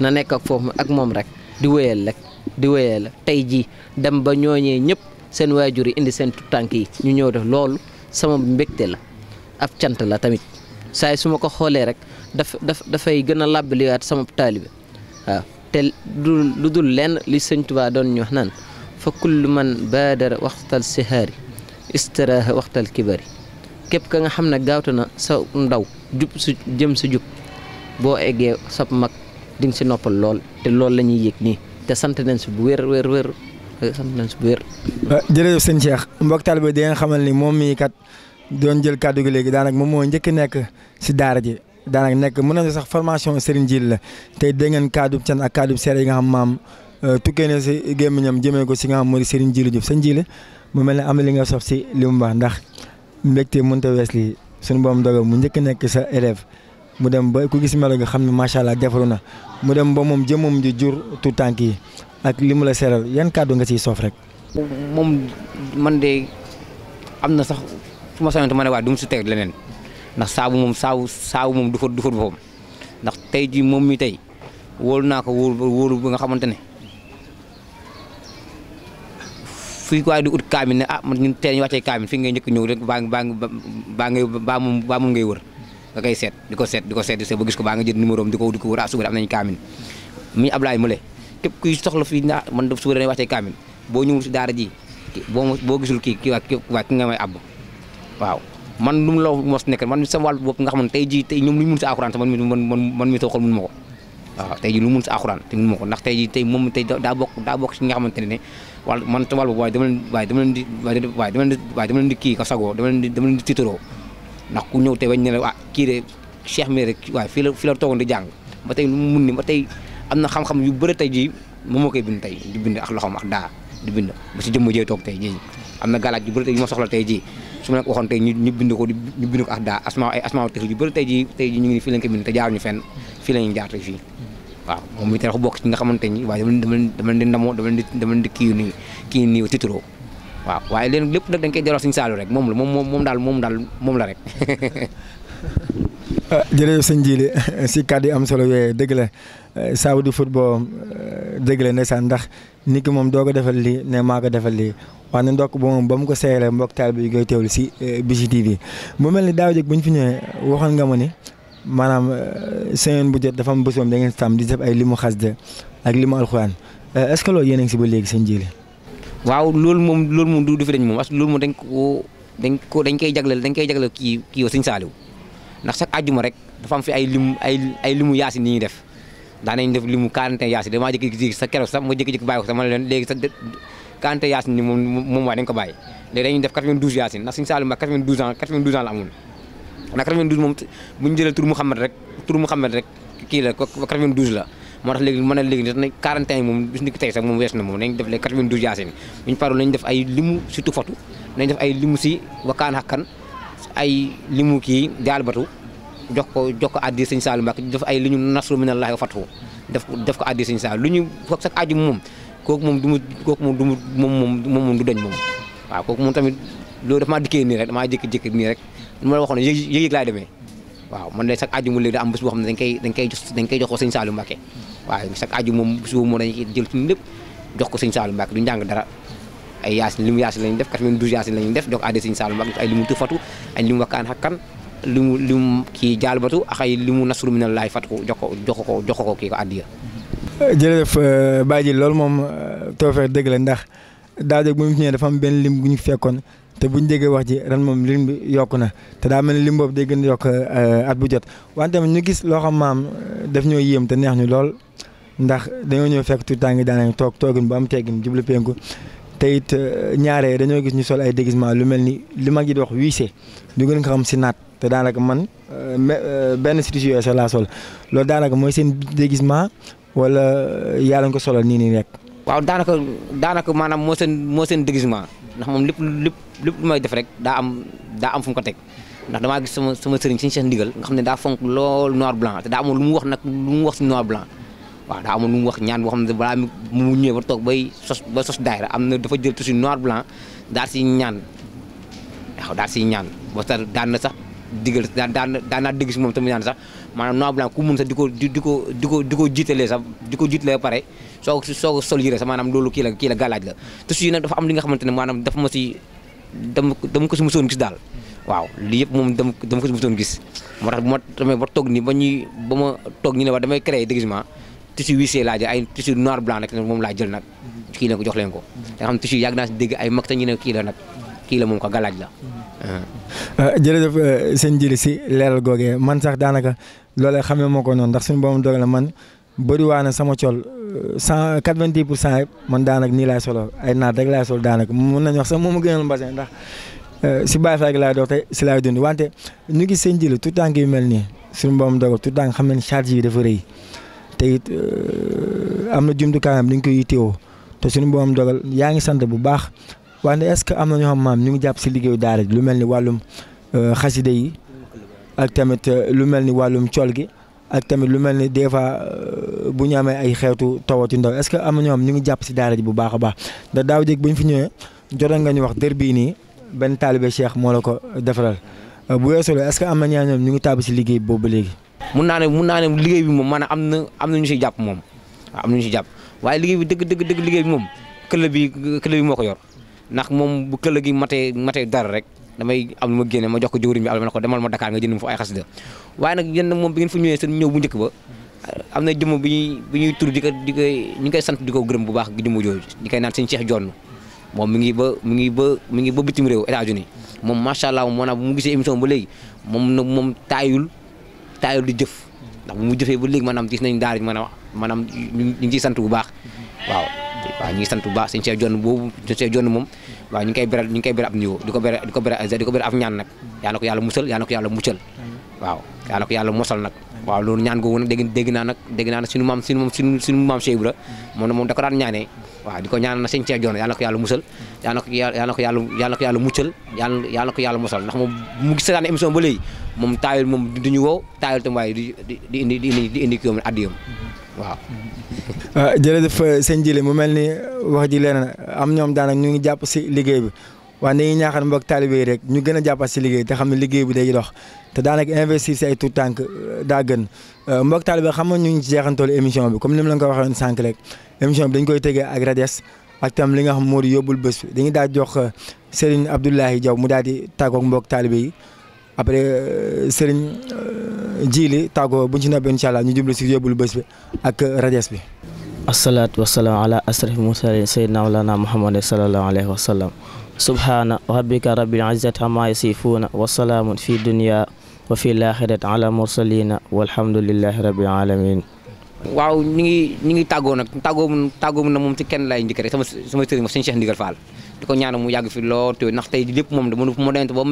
na nekk ak foofu ak moom rek di wéyal rek di wéyal la tey jii dem ba ñooñee ñëpp seen waajur yi indi seen tout tànk yi ñu ñëw def loolu sama mbegte la ab cant la tamit saay su ma ko xoolee rek dafa daf dafay gën a làbbaliwaat sama taalibe waaw te lu dul lenn li sëñ Tuubaa doon ñu wax naan fa kullu man baadara waxtal sihaari istiraaha waxtal kibari képp ka nga xam ne gaawtu na sa ndaw jub su jëm su jub boo eggee sab mag di si noppal lool te loolu la ñuy yëg nii te sant nañ si bu wér wér wér sant nañ si bu wér. jërëjëf sëñ Cheikh mbokk taalibe bi di nga xamal ni moom mii kat doon jël kàddu gi léegi daanaka moom moo njëkk nekk si daara ji. daanaka nekk mën na sax formation Serigne Djil la tey dégg ngeen kaddu can ak kaddu seere yi nga xam maam euh, tukkee ne jëmee ko si mooy Serigne Djil Diouf sëñ Djil mu mel ne am na li nga sof si li mu ndax mbégte mënut a wees lii suñu boom mu njëkk nekk sa élève mu dem ba ku gis melo nga xam ne macha allah defaru na mu dem ba moom jëmmum ji jur tout tànk yi ak li mu la seeral yan kaddu nga siy soof rek. moom man de am na sax fu ma soxla ma ne waa du mu si teg leneen. ndax saabu moom saabu saabu moom du fa du fa boppam ndax tey ji moom mi tey wóolu naa ko wóolu wóolu bi nga xamante ne fii ko waaye di ut kaamil ne ah man ñun tey ñu wàccee kaamil fi ngay njëkk ñëw rek baa baa baa ngay baa moom baa moom ngay wër nga koy seet di ko seet di ko seet di ba gis ko baa nga jël numéro am di ko di ko wër ah suba am nañu kaamil mi Ablaye Moulé képp kuy soxla fii na ah, man suba dañuy wàccee kaamil boo ñëwul si daara ji boo boo gisul kii kii waa kii nga may àbb waaw man lu mu la mos nekk man sa wàllu bopp nga xam ne tey ji tey ñoom lu ñu mun sa alxuraan sax man man ko lu mun sa alxuraan te mun ko ndax tey ji tey moom tey daa bokk daa bokk si nga xamante ne ne wàll man sa wàllu bopp waaye dama leen waaye dama leen di waaye dama leen di waaye dama leen di kii ka sagoo dama ku ñëw tey bañ ne la kii de mi rek waaye fii la fii la toogoon di jàng ba tey lu mu mun ni ba tey am na xam yu bëri tey ji moom moo koy bind tey di bind ak loxoom ak daa di bind ba si jëmma jee toog tey ji am na galaaj yu bëri tey yu ma soxla tey jii su ma leen waxoon tey ñu bind ko ñu bind ko ak daa asmaa ay asmaa tëx yu bëri tey jii tey jii ñu ngi ni fii lañ ko bind te jaaruñu fenn fii la ñuy jaar tey fii waaw moom mi di ndamoo dama di dama nii kii nii waaw waaye leen lépp nag dañ koy delloo suñu saalu rek moom la moom moom daal moom daal moom la rek ah, jërëjëf sëñ Jili si kàddu yi am solo yooyu dëgg la Saoudi euh, football euh, dëgg la saa ndax nit ki moom doo ko defal lii ne maa ko defal lii wax ne ndokk boobu moom ba mu ko seeree mbokk taal bi koy teewlu si euh, Bichri TV mu mel ni daaw jëkk bu ñu fi ñëwee waxoon nga ma ni maanaam semaine bu jot dafa am bësoom da ngeen si tam di def ay limu xasida ak limu alxuraan est-ce que loolu yéen a ngi si ba léegi seen jëli. waaw loolu moom loolu moom du du fi dañ moom parce que loolu moom dañ ko dañ ko dañ koy jagleel dañ koy jagleel kii kii yow sëñ Saaliw ndax chaque rek dafa am fi ay lim ay ay limu yaasin yi ñuy def daanañ def li mu 41 yaasin damaa jékki-jékki sa keroog sax ma moom moom waaye dañ ko bàyyi léegi def 92 moom bu ñu jëlee tur rek kii la moom bis ni moom def limu si tufatu nañ def ay limu si wakaan xakkan ay limu kii daalbatu jox ko jox ko addi sëñ Saliou Mbacké def ay li ñu nasru minallahi wa fathu def def ko addi sëñ Saliou lu ñu foog sax aju moom kooku moom du mu kooku moom du mu moom moom moom du dañ moom waaw kooku moom tamit loolu dafa maa dikkee nii rek damaa jékki-jékki nii rek lu ma la waxoon yëg-yëg laay demee waaw man de chaque aju mu léegi da am bés boo xam ne dañ koy dañ koy dañ koy jox ko sëñ Saliou Mbacké waaw chaque aju moom bés boobu moom dañ koy jël suñu lépp jox ko sëñ Saliou Mbacké du njàng dara ay yaasin li mu yaasin lañu def 92 yaasin lañu def jox addi sëñ Saliou Mbacké ay li mu tëfatu ay li mu wakkaan xakkan li mu li mu kii jaalibatu ak ay li mu nasru laay fat ko jox ko jox ko jox ko kii ko àddiya. jërëjëf euh, Badji loolu moom euh, toofeex dëgg la ndax daa jóg bu ñu ñëwee benn lim bu ñu fekkoon te bu ñu wax ji ren moom lim bi yokku na te daa mel ni lim boobu day gën a yokk euh, at bu jot wante tamit ñu gis loo xam maam def ñoo yéem te neex ñu lool ndax dañoo ñëw fekk tout tàngi daanañ toog toogin bu am teggin jublu penku te it ñaare dañoo gis ñu sol ay déguisement lu mel ni li mag yi di wax wiise ñu gën ko xam si naat te daanaka man euh, euh, benn situation yooyu sax laa sol loolu daanaka mooy seen déguisement wala euh, yaa lañ ko solal nii nii rek. waaw daanaka daanaka maanaam moo seen moo seen déguisement ndax moom lépp lépp lépp lu may def rek daa am daa am fu ko teg ndax damaa gis sama sama sëriñ suñu seen ndigal nga xam ne daa fonk lool noir blanc te daa amoon lu mu wax nag lu mu wax si noir blanc waaw daa amoon lu mu wax ñaan boo xam ne balaa mu ñëwee ba toog bay sos ba sos daayra am na dafa jël tuuti noir blanc daal si ñaan waaw si ñaan ba sax sax. digal daan daan daan naa dégg si moom tamit naan sax maanaam noir blanc ku mun sax di ko di ko di ko di ko jiitalee sax di ko jiitalee ba pare soo soo sol yëre sax maanaam loolu kii la kii la gàllaaj la te suy nag dafa am li nga xamante ne maanaam ma si dama si mosoon gis daal waaw lii yëpp moom dama dama ko si mosoon gis moo tax bu ma demee ba toog ni ba ba ma toog ñu ne wa damay créé déguisement tissu wissé laa jël ay tissu noir blanc nag moom laa jël nag kii la ko jox leen ko da si dégg ay mag te ñu ne kii la kii la moom ko gàllaaj la Ah. Ah, jërëjëf euh, sëñ Jili si leeral googee man sax daanaka loolee xamee moo ko noonu ndax suñu borom dogal man bëriwaa na sama col euh, cent quatre vingt dix pour cent man daanaka nii laay solo ay naat rek laay sol daanaka mun nañu wax sax moom mu gënal mbasin ndax euh, si Baye Fall gi laay dox te si laay dund wante ñu ngi sëñ Jili tout temps yu mel nii suñu borom dogal tout temps xam ne charge yi dafa rëy te it am na jumtukaayam dañ koy yittewoo te suñu borom dogal yaa ngi sant bu baax. waaye est-ce que am na ñoo xam maam ñu ngi jàpp si liggéey daara lu mel ni wàllum euh, xaside yi ak tamit euh, lu mel ni wàllum col gi ak tamit lu mel ni des fois euh, bu ñu amee ay xeetu tawati ndaw est-ce que am na ñu ngi jàpp si daara ji bu baax a baax ndax daaw fi ñëwee jotoon nga ñu wax dër bii nii benn taalibe Cheikh moo la ko defaral bu weesoo am na ñooñu ñu ngi tàbb si liggéey boobu léegi. mun naa ne naa ne liggéey bi moom maanaam am na am na ñu si jàpp moom am na ñu si jàpp waaye liggéey bi dëgg dëgg liggéey bi moom këll bi këll bi moo ko yor ndax moom bu këll gi matee matee dara rek damay am lu ma génne ma jox ko jëwriñ bi al ma ne ko demal ma Dakar nga jënd ma fa ay xasida waaye nag yéen nag moom bi ngeen fa ñëwee seen ñëw bu njëkk ba ñuy bi di ko di koy ñu koy sant di ko gërëm bu baax jëmm jooju di koy naan seen Cheikh Jonn moom mi ngi ba mi ngi ba mi ngi ba bitim réew États-Unis moom macha allah moom bu mu gisee émission ba léegi moom nag moom taayul taayul di jëf ndax bu mu jëfee ba léegi maanaam gis nañ daara maanaam maanaam ñu ngi ciy sant bu baax waaw waaw ñu ngi sant bu baax sëñ Cheikh Jonn boobu sëñ Cheikh Jonn moom waaw ñu ngi koy beral ñu ngi koy beral ab nuyoo di ko beral di ko beral di ko beral ab ñaan nag yaa na ko yàlla musal yaa na ko yàlla muccal waaw yaa na ko yàlla mosal nag waaw loolu ñaan googu nag dégg dégg naa nag dégg naa nag suñu maam suñu suñu suñu maam Cheikh Ibra moom moom da ko daan ñaanee waaw di ko ñaanal na sëñ Cheikh Jonn yaa na ko yàlla musal yaa na ko yaa na ko yàlla yaa na ko yàlla muccal yàlla yaa na ko yàlla mosal ndax moom mu gis seetaan émission ba léegi moom taayul moom duñu woo taayul tam waaye di di indi di indi di indi kii am addiyam waaw. Ah, jërëjëf euh, sëñ Jili mu mel ni euh, wax ji leen am ñoom daanaka ñu ngi jàpp si liggéey bi waaye dañuy ñaaxal mbokk taalibe yi rek ñu gën a jàppaat si liggéey te xam ne liggéey bi day dox te daanaka investir si ay tout tànk euh, daa gën mbokk taalibe xam nga ñu ngi ci jeexantoolu émission bi comme ni ma leen ko waxee woon sànq rek émission bi dañ koy tëggee ak radies ak tam li nga xam moo di yóbbul bés bi dañuy daal jox Serigne Abdoulaye Diaw mu daal di tàggoog mbokk taalibe yi après euh, Serigne euh, Jili tàggoo bu ñu ci noppee ñu jublu si yóbbul bés bi ak rajas bi. asalaatu wasalaam ala asrafi mursalin sayyidina mawlana muhammadin sallallahu alayhi wa subhaana rabbika rabbil izzati amma yasifuuna wa fi dunya wa fi laaxirati ala mursalina walhamdulillahi rabbil alamin waaw ñu ngi ñu ngi tàggoo nag tàggoo mu tàggoo na moom ci kenn laay njëkk sama sama sëriñ ma sëñ Cheikh Ndigal Fall di ko ñaanal mu yàgg fi lool te ndax moom dama ma dent ko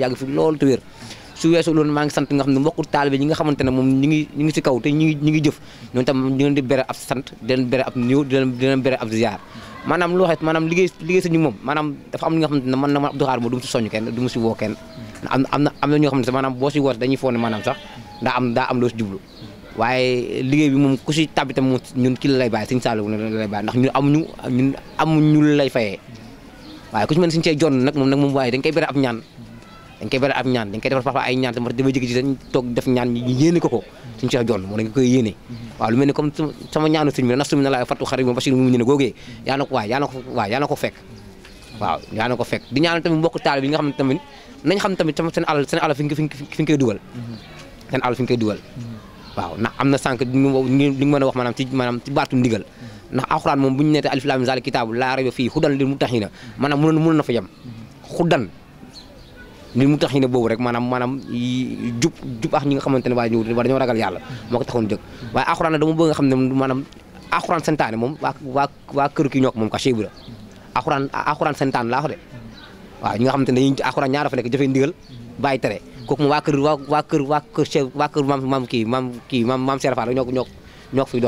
moom su weesoo loolu maa ngi sant nga xam ne mbokku taalibe ñi nga xamante ne moom ñi ngi ñi ngi si kaw te ñi ngi ñi ngi jëf ñoonu tam ñu leen di bere ab lu dafa am li nga xamante ne man na man Abdou Khadre moom du mu si kenn du mu si woo kenn am na am xam ne maanaam boo si woote dañuy foog ne sax daa am daa si jublu waaye liggéey bi moom ku si tàbbi tam ñun ki la lay bàyyi suñu saaliwu la lay bàyyi ndax ñun am ñun amuñu lu lay fayee waaye ku si mën suñu cee jonn nag moom nag moom waaye dañ koy bere ab ñaan dañ koy bere ab ñaan dañ koy defar parfois ay ñaan te dafay jékki ci dañ toog def ñaan ñu ko ko suñu cee jonn moo dañ ko yéene waaw lu mel ni comme sama ñaanu sëñ bi nafsu mi na laay fattu xarit moom Bachir mu ñu ne googee yaa na ko waay yaa na ko waay yaa na ko di ñaanal tamit mbokk taal bi nga xam ne tamit nañ xam tamit seen alal seen alal fi nga fi koy dugal mm-hmm. seen alal fi koy dugal waaw ndax am na sànq li nga mën a wax maanaam ci maanaam ci baatu ndigal ndax alxuraan moom bu ñu neete alif laam miim zaal kitaabu laa rayba fii xudan lil muttaqiina maanaam mënoon mënoon na fa yem xudan lil muttaqiina boobu rek maanaam maanaam jub jub ak ñi nga xamante ne waaye ñëw war dañoo ragal yàlla moo ko taxoon jóg waaye alxuraan na dama bëgg xam ne maanaam alxuraan santaane moom waa waa waa kër ki ñoo moom ka chebra alxuraan alxuraan santaane laa wax de waaw ñi nga xamante ne dañuy alxuraan ñaar dafa nekk ndigal bàyyi tere kooku moom waa kër waa waa kër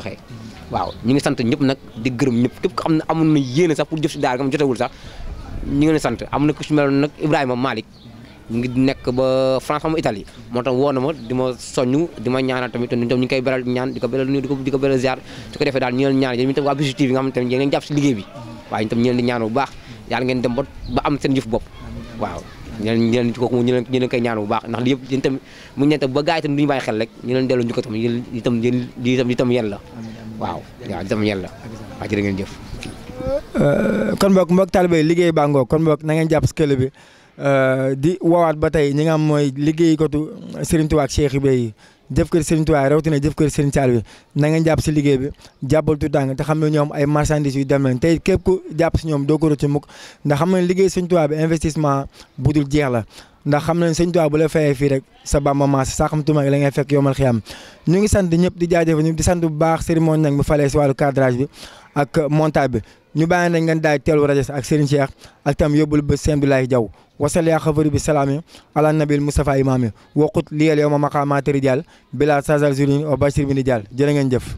waa ñu ngi sant ñëpp nag di gërëm ñëpp képp ko na yéene sax pour jëf si daara nga jotewul sax ñu ngi leen sant na ku ba France moo tax woo ma di ma soññu di ma ñaanal tamit ñoom ñu ngi koy beral ñaan di ko beral nuyu di ko beral ziar su ko defee daal ñu leen ñaan yéen itam waa Bichri TV nga xam ne tamit yéen leen jàpp si liggéey bi waaye ñu tam ñu leen di ñaan bu baax yàlla ngeen dem ba ba am seen jëf bopp waaw ñeneen ñeneen kooku ñu leen ñu leen koy ñaan bu baax ndax li yëpp yéen tamit mu ñeen ba gars yi tam duñu bàyyi xel rek ñu leen delloo ñu ko tam yéen itam yéen li itam li la waaw waaw itam yéen la waaw jërë ngeen jëf euh, kon boog mbokk taalibé liggéey bangoo ngoog kon boog na ngeen jàpp si kële bi euh, di woowaat ba tey ñi nga am mooy liggéey kotu Serigne Touba ak Cheikh jëf kër Serigne Touba rawatina jëf kër Serigne Saliou na ngeen jàpp si liggéey bi jàppal tuutàng te xam ne ñoom ay marchandises yu dem leen tey képp ku jàpp si ñoom doo ko rëcc mukk ndax xam ne liggéey Serigne Touba bi investissement bu dul jeex la ndax xam nañ Serigne Touba bu la fayee fii rek sa bamba maas saa xam tuuma la ngay fekk yomal am ñu ngi sant ñëpp di jaajëfal ñëpp di sant bu baax cérémonie nag bu falee si wàllu cadrage bi ak montage bi ñu bàyyi nañ ngeen daay teelu rajo ak Serigne Cheikh ak tam yóbbul ba sëñ Abdoulaye Diaw wasal yaa xafaru bi salaami ala nabil Moustapha imaami waqut liyal yow ma maqaamaati rijaal bila sasal zurin wa bashir bi rijaal jërë ngeen jëf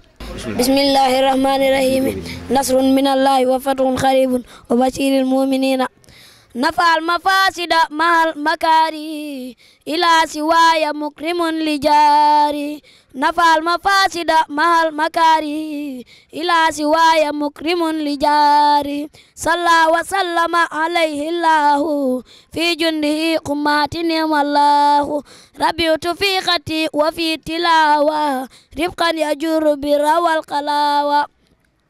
bismillahi rahmani nasrun min allahi wa fatun xaribun wa bashiril muminina nafal mafasida mahal makari ila siwaya mukrimun lijari nafal mafasida mahal makari ila siwaya mukrimun lijari salla wa sallama alayhi llahu fi jundihi kumatini wallahu rabi tufiqati wa fi tilawa rifqan yajuru birawal qalawa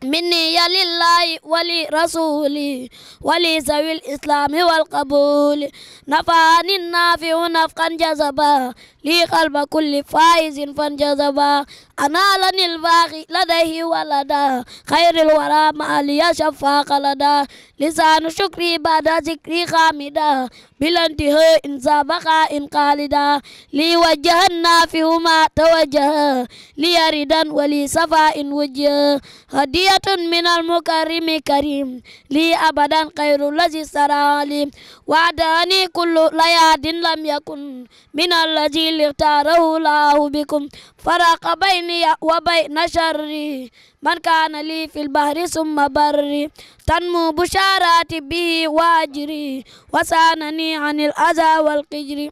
مني يا لله ولرسولي ولذوي الإسلام والقبول نفعني النافع نفعا جذبا لي قلب كل فائز فانجذبا أنالني الباغي لديه ولدا خير الورى ما لي شفاق لدا لسان شكري بعد ذكري خامدا بلا انتهاء إن سابق إن قالدا لي وجهنا فيهما توجه لي ردا ولي صفاء وجه هدية من المكرم كريم لي أبدا خير الذي سرى لي وعدني كل لياد لم يكن من الذي اللي اختاره الله بكم فرق بيني وبين شري من كان لي في البحر ثم بري تنمو بشاراتي به واجري وسانني عن الأذى والقجر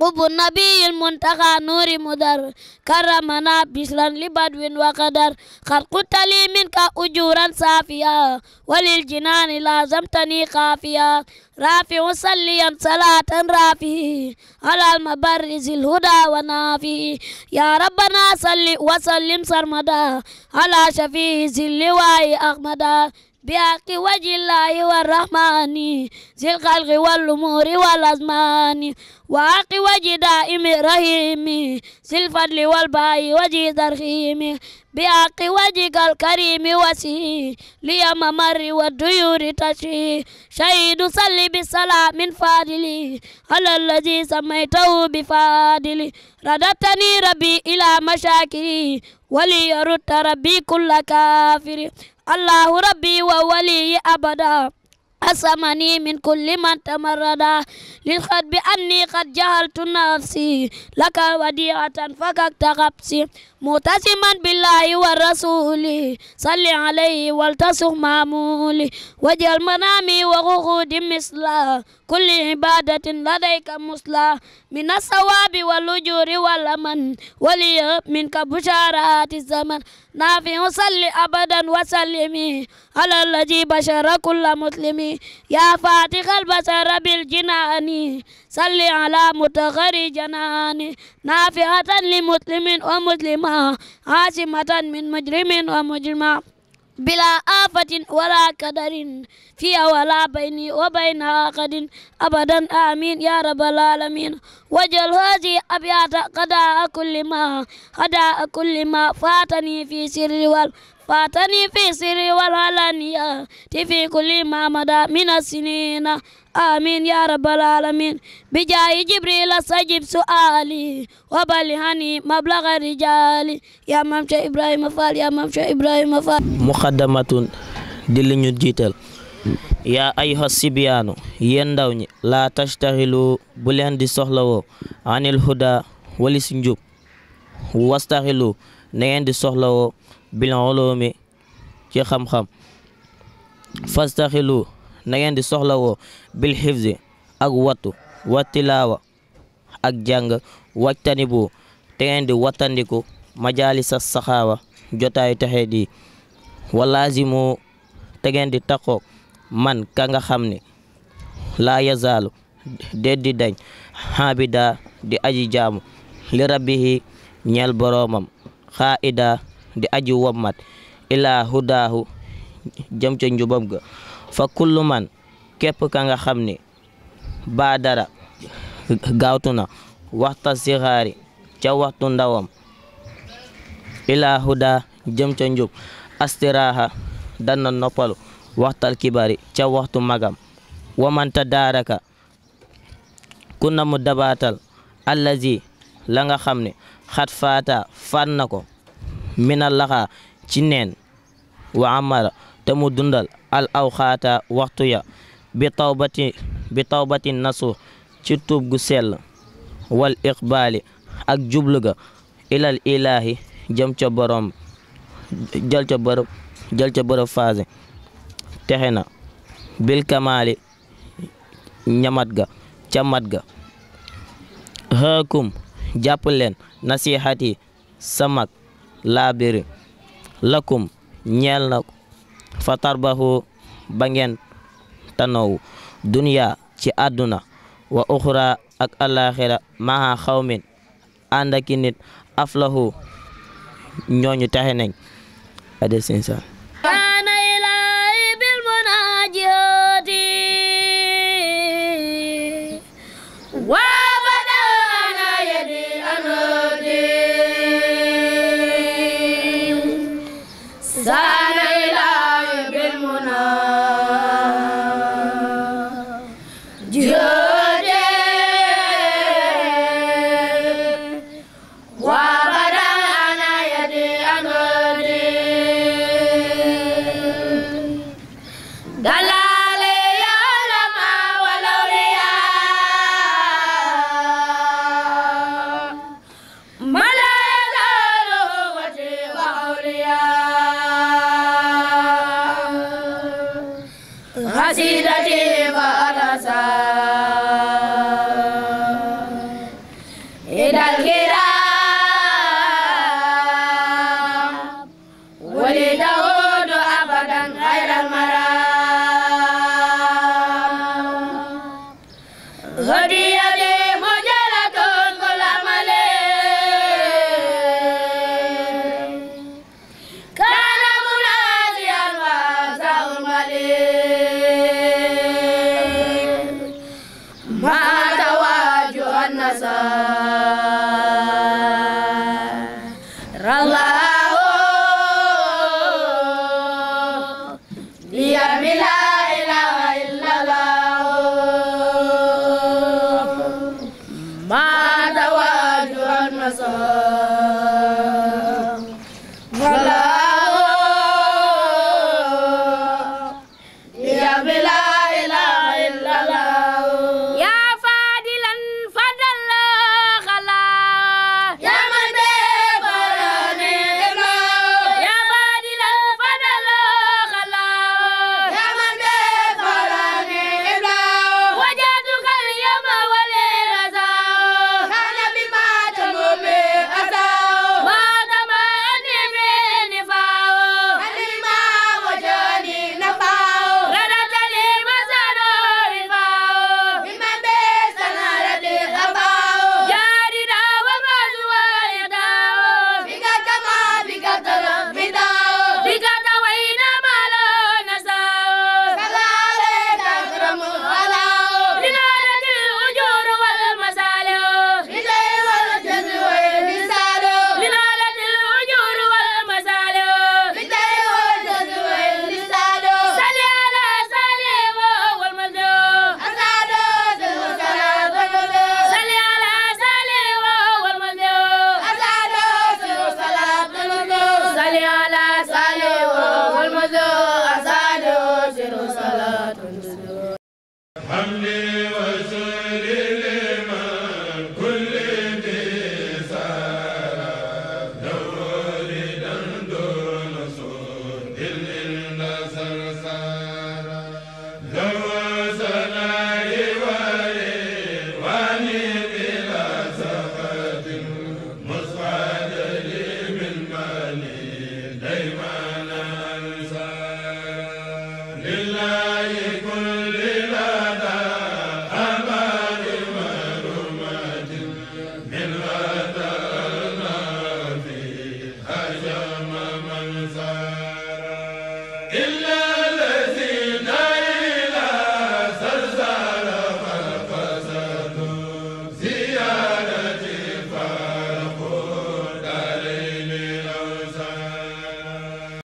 قب النبي المنتقى نور مدر كرمنا بشرا لبدو وقدر خلقت لي منك أجورا صافيا وللجنان لازمتني قافيا رافع صليا صلاة رافي على المبرز الهدى ونافي يا ربنا صل وسلم سرمدا على شفيع ذي اللواء أحمدا بحق وجه الله والرحمن ذي الخلق والأمور والأزمان وحق وجه دائم رحيم ذي الفضل والباء وجه ترحيم بحق وجهك الكريم وسي لي ممر والديور تشي شهيد صلي بالسلام من فاضلي على الذي سميته بفاضلي ردتني ربي إلى مشاكلي وليرد ربي كل كافر allahu rabbi wa waliyi abada asamani min kulli man tamarrada lil xat bi anni qad jahaltu nafsi laka wadiatan fakakta xabsi mutasiman billahi wa rasuli salli alayhi waltasux mamuli wajal manami wa xuxudi misla kulli ibadatin ladayka musla min asawabi wal ujuri wal aman waliya minka busharati zaman نافع صل أبدا وسلمي على الذي بشر كل مسلم يا فاتح البصر بالجنان صل على متغري جنان نافعة لمسلم ومسلمة عاصمة من مجرم ومجرمة bila afatin wala kadarin fiya wala bayni wa bayna aqadin abadan amin ya rabbal alamin wajal hazi abyata qada kulli ma hada kulli ma fatani fi sirri wal فاتني في سري والعلانية في كل ما مدى من السنين آمين يا رب العالمين بجاه جبريل استجب سؤالي وبلغني مبلغ رجالي يا ممشى إبراهيم فال يا ممشى إبراهيم فال مقدمة di li ñu jiital yaa ayha sibiyaanu yéen ndaw ñi laa tashtaxilu bu leen di soxlawoo anil huda walis njub wastaxilu na ngeen di soxlawoo bil ulumi ci xam-xam fastaxilu na ngeen di soxlawoo bil xifzi ak wattu wa tilaawa ak jàng wajtani bu te ngeen di wattandiku majalisa saxaawa jotaayu taxe di walaazimu te ngeen di taqoo man kanga xam ni laa yazaalu déet dañ xaabida di aji jaamu li rabbihi ñeel boroomam xaa ida di aji wommat ilaa hudaahu jëm ca njubam ga fa kullu man képp ka nga xam ni baa dara gaawtu na waxta ca waxtu ndawam ilaa hudaa jëm ca njub astiraaha dana noppalu waxtal kibari ca waxtu magam wamanta daaraka ku na mu dabaatal allazi la nga xam ni xat faata faat na ko mina laxa ci neen wa amara te mu dundal al awxaata waxtu ya bi tawbati bi tawbati nasu ci tuub gu sell wal iqbaali ak jubluga ilal ilaahi jëm ca borom jël ca bërëb jël ca texe na bil kamaali ñamat ga ca mat ga xaakum jàpp leen nasihat laabiri lakum ñeel na fa tarbahu ba ngeen tanowu duniya ci àdduna wa uxra ak alaxira maha xawmin ànd ak aflahu ñooñu taxe nañ